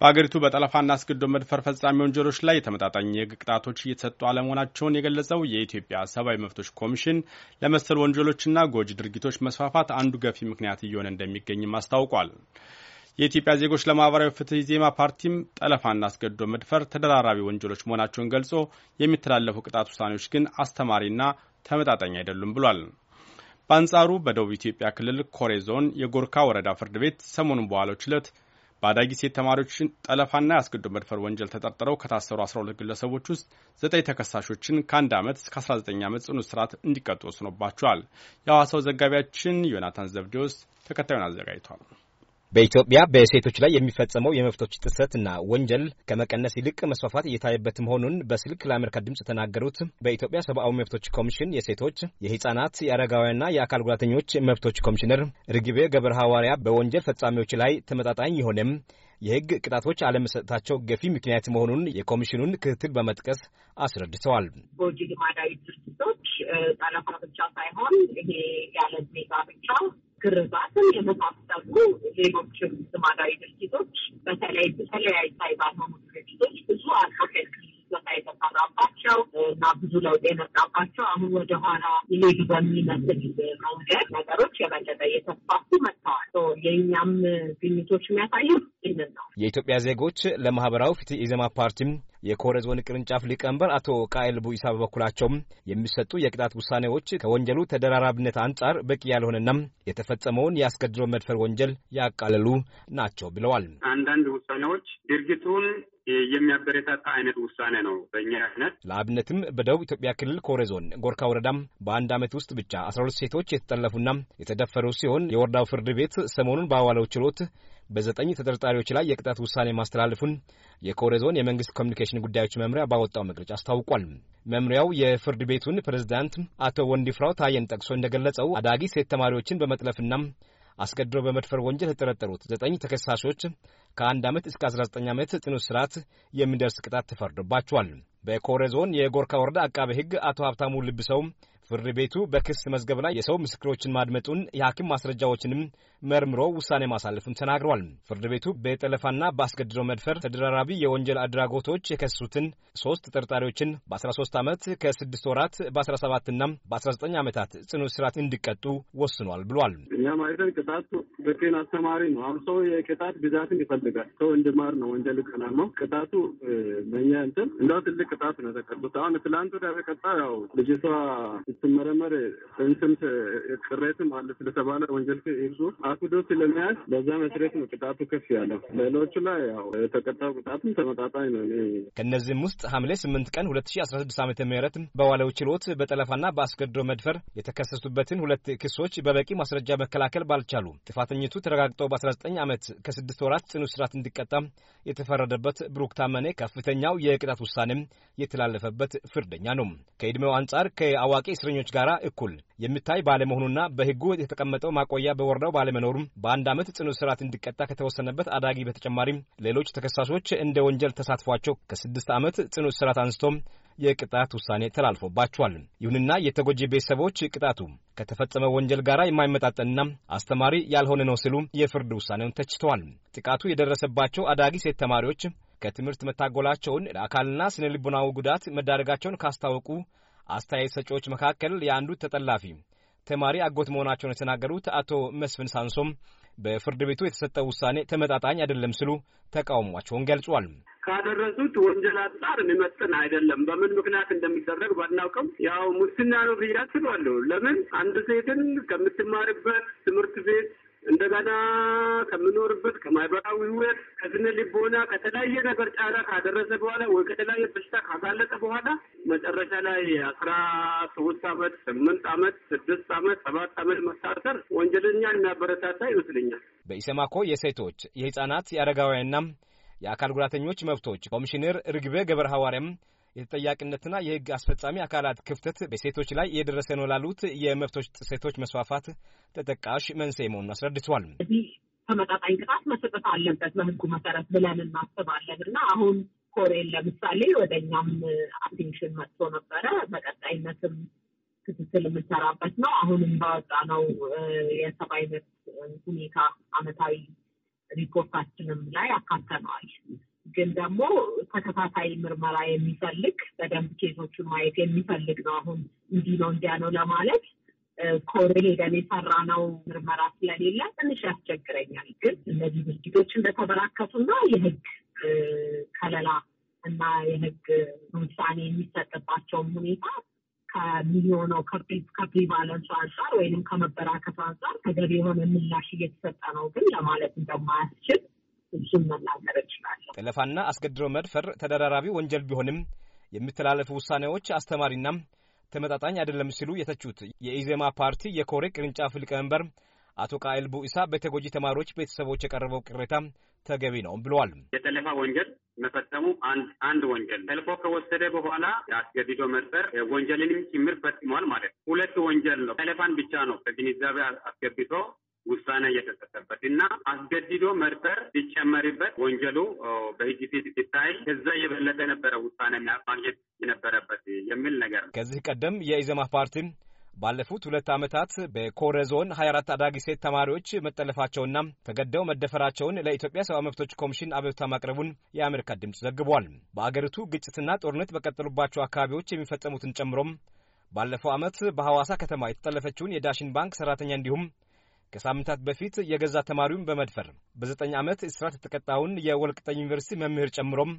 በአገሪቱ በጠለፋና አስገድዶ መድፈር ፈጻሚ ወንጀሎች ላይ ተመጣጣኝ የሕግ ቅጣቶች እየተሰጡ አለመሆናቸውን የገለጸው የኢትዮጵያ ሰብአዊ መብቶች ኮሚሽን ለመሰል ወንጀሎችና ጎጂ ድርጊቶች መስፋፋት አንዱ ገፊ ምክንያት እየሆነ እንደሚገኝም አስታውቋል። የኢትዮጵያ ዜጎች ለማህበራዊ ፍትህ ዜማ ፓርቲም ጠለፋና አስገድዶ መድፈር ተደራራቢ ወንጀሎች መሆናቸውን ገልጾ የሚተላለፉ ቅጣት ውሳኔዎች ግን አስተማሪና ተመጣጣኝ አይደሉም ብሏል። በአንጻሩ በደቡብ ኢትዮጵያ ክልል ኮሬ ዞን የጎርካ ወረዳ ፍርድ ቤት ሰሞኑን በዋለው ችሎት በአዳጊ ሴት ተማሪዎችን ጠለፋና የአስገዶ መድፈር ወንጀል ተጠርጥረው ከታሰሩ 12 ግለሰቦች ውስጥ ዘጠኝ ተከሳሾችን ከአንድ ዓመት እስከ 19 ዓመት ጽኑ እስራት እንዲቀጡ ወስኖባቸዋል። የሐዋሳው ዘጋቢያችን ዮናታን ዘብዴዎስ ተከታዩን አዘጋጅቷል። በኢትዮጵያ በሴቶች ላይ የሚፈጸመው የመብቶች ጥሰትና ወንጀል ከመቀነስ ይልቅ መስፋፋት እየታየበት መሆኑን በስልክ ለአሜሪካ ድምፅ የተናገሩት በኢትዮጵያ ሰብአዊ መብቶች ኮሚሽን የሴቶች የህጻናት፣ የአረጋውያንና የአካል ጉዳተኞች መብቶች ኮሚሽነር ርግቤ ገብረ ሐዋርያ በወንጀል ፈጻሚዎች ላይ ተመጣጣኝ የሆነም የህግ ቅጣቶች አለመሰጠታቸው ገፊ ምክንያት መሆኑን የኮሚሽኑን ክትትል በመጥቀስ አስረድተዋል። ጎጂ ልማዳዊ ድርጊቶች ብቻ ሳይሆን ይሄ ያለ ዜጋ ብቻ ግርዛትን የመሳሰሉ ሌሎችም ልማዳዊ ድርጊቶች በተለይ በተለያዩ ሳይባሆኑ ድርጊቶች ብዙ አድቮኬት ቦታ የተሰራባቸው እና ብዙ ለውጥ የመጣባቸው አሁን ወደኋላ ይሄዱ በሚመስል መንገድ ነገሮች የበለጠ እየተስፋፉ መጥተዋል። የእኛም ግኝቶች የሚያሳዩ ይህንን ነው። የኢትዮጵያ ዜጎች ለማህበራዊ ፍትህ ኢዜማ ፓርቲም የኮረ ዞን ቅርንጫፍ ሊቀመንበር አቶ ቃኤል ቡኢሳ በበኩላቸውም የሚሰጡ የቅጣት ውሳኔዎች ከወንጀሉ ተደራራብነት አንጻር በቂ ያልሆነና የተፈጸመውን የአስገድዶ መድፈር ወንጀል ያቃለሉ ናቸው ብለዋል። አንዳንድ ውሳኔዎች ድርጊቱን የሚያበረታታ አይነት ውሳኔ ነው። በእኛ አይነት ለአብነትም በደቡብ ኢትዮጵያ ክልል ኮረ ዞን ጎርካ ወረዳም በአንድ ዓመት ውስጥ ብቻ አስራ ሁለት ሴቶች የተጠለፉና የተደፈሩ ሲሆን የወረዳው ፍርድ ቤት ሰሞኑን ባዋለው ችሎት በዘጠኝ ተጠርጣሪዎች ላይ የቅጣት ውሳኔ ማስተላለፉን የኮሬ ዞን የመንግስት ኮሚኒኬሽን ጉዳዮች መምሪያ ባወጣው መግለጫ አስታውቋል። መምሪያው የፍርድ ቤቱን ፕሬዝዳንት አቶ ወንዲፍራው ታየን ጠቅሶ እንደገለጸው አዳጊ ሴት ተማሪዎችን በመጥለፍና አስገድዶ በመድፈር ወንጀል የተጠረጠሩት ዘጠኝ ተከሳሾች ከአንድ ዓመት እስከ 19 ዓመት ጽኑ እስራት የሚደርስ ቅጣት ተፈርዶባቸዋል። በኮሬ ዞን የጎርካ ወረዳ አቃቤ ሕግ አቶ ሀብታሙ ልብሰው ፍርድ ቤቱ በክስ መዝገብ ላይ የሰው ምስክሮችን ማድመጡን የሐኪም ማስረጃዎችንም መርምሮ ውሳኔ ማሳለፉን ተናግሯል። ፍርድ ቤቱ በጠለፋና በአስገድዶ መድፈር ተደራራቢ የወንጀል አድራጎቶች የከሱትን ሶስት ተጠርጣሪዎችን በ13 ዓመት ከ6 ወራት በ17ና በ19 ዓመታት ጽኑ እስራት እንዲቀጡ ወስኗል ብሏል። እኛም አይተን ቅጣቱ በጤና አስተማሪ ነው። አሁን ሰው የቅጣት ብዛትን ይፈልጋል። ሰው እንድማር ነው። ወንጀል ቀላል ቅጣቱ በእኛ እንትን እንዳው ትልቅ ቅጣት ነው የተቀጡት። አሁን ትላንቱ ደረቀጣ ያው ልጅቷ ስትመረመር እንትምት ቅሬትም አለ ስለተባለ ወንጀል ይብዙ አክብዶ ስለመያዝ በዛ መሰረት ነው ቅጣቱ ከፍ ያለው። ሌሎቹ ላይ ያው የተቀጣው ቅጣትም ተመጣጣኝ ነው። ከእነዚህም ውስጥ ሐምሌ ስምንት ቀን ሁለት ሺ አስራ ስድስት ዓመተ ምህረት በዋለው ችሎት በጠለፋና በአስገድዶ መድፈር የተከሰሱበትን ሁለት ክሶች በበቂ ማስረጃ መከላከል ባልቻሉ ጥፋተኝቱ ተረጋግጠው በአስራ ዘጠኝ ዓመት ከስድስት ወራት ጽኑ እስራት እንዲቀጣ የተፈረደበት ብሩክ ታመኔ ከፍተኛው የቅጣት ውሳኔም የተላለፈበት ፍርደኛ ነው። ከዕድሜው አንጻር ከአዋቂ እስረኞች ጋር እኩል የሚታይ ባለመሆኑና በሕጉ የተቀመጠው ማቆያ በወረዳው ባለ ባለመኖሩም በአንድ ዓመት ጽኑ እስራት እንዲቀጣ ከተወሰነበት አዳጊ በተጨማሪም ሌሎች ተከሳሾች እንደ ወንጀል ተሳትፏቸው ከስድስት ዓመት ጽኑ እስራት አንስቶም የቅጣት ውሳኔ ተላልፎባቸዋል። ይሁንና የተጎጂ ቤተሰቦች ቅጣቱ ከተፈጸመ ወንጀል ጋር የማይመጣጠንና አስተማሪ ያልሆነ ነው ሲሉ የፍርድ ውሳኔውን ተችተዋል። ጥቃቱ የደረሰባቸው አዳጊ ሴት ተማሪዎች ከትምህርት መታጎላቸውን ለአካልና ስነ ልቦናዊ ጉዳት መዳረጋቸውን ካስታወቁ አስተያየት ሰጪዎች መካከል የአንዱ ተጠላፊ ተማሪ አጎት መሆናቸውን የተናገሩት አቶ መስፍን ሳንሶም በፍርድ ቤቱ የተሰጠው ውሳኔ ተመጣጣኝ አይደለም ሲሉ ተቃውሟቸውን ገልጿል። ካደረሱት ወንጀል አንጻር የሚመጥን አይደለም። በምን ምክንያት እንደሚደረግ ባናውቅም ያው ሙስና ነው ብዬ አስባለሁ። ለምን አንድ ሴትን ከምትማርበት ትምህርት ቤት እንደገና ከምኖርበት ከማህበራዊ ህይወት ከስነ ልቦና ከተለያየ ነገር ጫና ካደረሰ በኋላ ወይ ከተለያየ በሽታ ካሳለጠ በኋላ መጨረሻ ላይ አስራ ሶስት አመት ስምንት አመት ስድስት አመት ሰባት አመት መታሰር ወንጀለኛ የሚያበረታታ ይመስለኛል። በኢሰማኮ የሴቶች የህጻናት፣ የአረጋውያንና የአካል ጉዳተኞች መብቶች ኮሚሽነር ርግቤ ገብረ ሐዋርያም የተጠያቂነትና የህግ አስፈጻሚ አካላት ክፍተት በሴቶች ላይ እየደረሰ ነው ላሉት የመብቶች ጥሰቶች መስፋፋት ተጠቃሽ መንስኤ መሆኑን አስረድቷል። ተመጣጣኝ ቅጣት መሰጠት አለበት በህጉ መሰረት ብለን እናስባለን እና አሁን ኮሬን ለምሳሌ ወደኛም አቴንሽን መጥቶ ነበረ። በቀጣይነትም ክትትል የምንሰራበት ነው። አሁንም ባወጣነው የሰብአዊ መብት ሁኔታ አመታዊ ሪፖርታችንም ላይ አካተነዋል። ግን ደግሞ ተከታታይ ምርመራ የሚፈልግ በደንብ ኬዞቹን ማየት የሚፈልግ ነው። አሁን እንዲህ ነው እንዲያ ነው ለማለት ኮሬ ሄደን የሰራ ነው ምርመራ ስለሌለ ትንሽ ያስቸግረኛል። ግን እነዚህ ድርጊቶች እንደተበራከቱና የህግ ከለላ እና የህግ ውሳኔ የሚሰጥባቸውም ሁኔታ ከሚሆነው ከፕሪቫለንሱ አንጻር ወይንም ከመበራከቱ አንጻር ተገቢ የሆነ ምላሽ እየተሰጠ ነው ግን ለማለት እንደማያስችል እሱን መናገር እችላለሁ። ጠለፋና አስገድዶ መድፈር ተደራራቢ ወንጀል ቢሆንም የሚተላለፉ ውሳኔዎች አስተማሪና ተመጣጣኝ አይደለም ሲሉ የተቹት የኢዜማ ፓርቲ የኮሬ ቅርንጫፍ ሊቀመንበር አቶ ቃኤል ቡኢሳ በተጎጂ ተማሪዎች ቤተሰቦች የቀረበው ቅሬታ ተገቢ ነው ብለዋል። የጠለፋ ወንጀል መፈጸሙ አንድ ወንጀል፣ ተልፎ ከወሰደ በኋላ አስገድዶ መድፈር ወንጀልንም ጭምር ፈጽሟል ማለት ነው። ሁለት ወንጀል ነው። ጠለፋን ብቻ ነው ከግንዛቤ አስገብቶ ውሳኔ እየተሰጠበት እና አስገድዶ መድፈር ሊጨመርበት ወንጀሉ በሕግ ፊት ሲታይ ከዛ የበለጠ ነበረ ውሳኔ ማግኘት የነበረበት የሚል ነገር ነው። ከዚህ ቀደም የኢዘማ ፓርቲን ባለፉት ሁለት ዓመታት በኮረ ዞን 24 አዳጊ ሴት ተማሪዎች መጠለፋቸውና ተገደው መደፈራቸውን ለኢትዮጵያ ሰብአዊ መብቶች ኮሚሽን አቤቱታ ማቅረቡን የአሜሪካ ድምፅ ዘግቧል። በአገሪቱ ግጭትና ጦርነት በቀጠሉባቸው አካባቢዎች የሚፈጸሙትን ጨምሮም ባለፈው ዓመት በሐዋሳ ከተማ የተጠለፈችውን የዳሽን ባንክ ሠራተኛ እንዲሁም ከሳምንታት በፊት የገዛ ተማሪውን በመድፈር በዘጠኝ ዓመት እስራት የተቀጣውን የወልቅጠ ዩኒቨርሲቲ መምህር ጨምሮም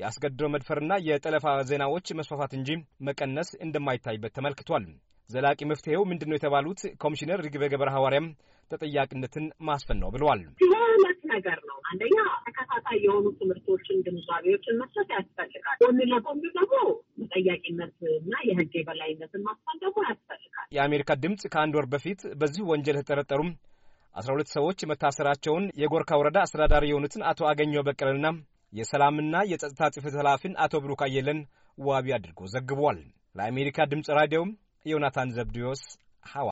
የአስገድዶ መድፈርና የጠለፋ ዜናዎች መስፋፋት እንጂ መቀነስ እንደማይታይበት ተመልክቷል። ዘላቂ መፍትሄው ምንድን ነው የተባሉት ኮሚሽነር ርግቤ ገብረ ሐዋርያም ተጠያቂነትን ማስፈን ነው ብለዋል። ሁለት ነገር ነው። አንደኛ ተከታታይ የሆኑ ትምህርቶችን፣ ግንዛቤዎችን መስጠት ያስፈልጋል። ጎን ለጎን ደግሞ ተጠያቂነት እና የህግ የበላይነትን ማስፈን ደግሞ የአሜሪካ ድምፅ ከአንድ ወር በፊት በዚሁ ወንጀል የተጠረጠሩም 12 ሰዎች መታሰራቸውን የጎርካ ወረዳ አስተዳዳሪ የሆኑትን አቶ አገኘው በቀለና የሰላምና የጸጥታ ጽሕፈት ኃላፊን አቶ ብሩክ አየለን ዋቢ አድርጎ ዘግቧል። ለአሜሪካ ድምፅ ራዲዮ ዮናታን ዘብድዮስ ሐዋ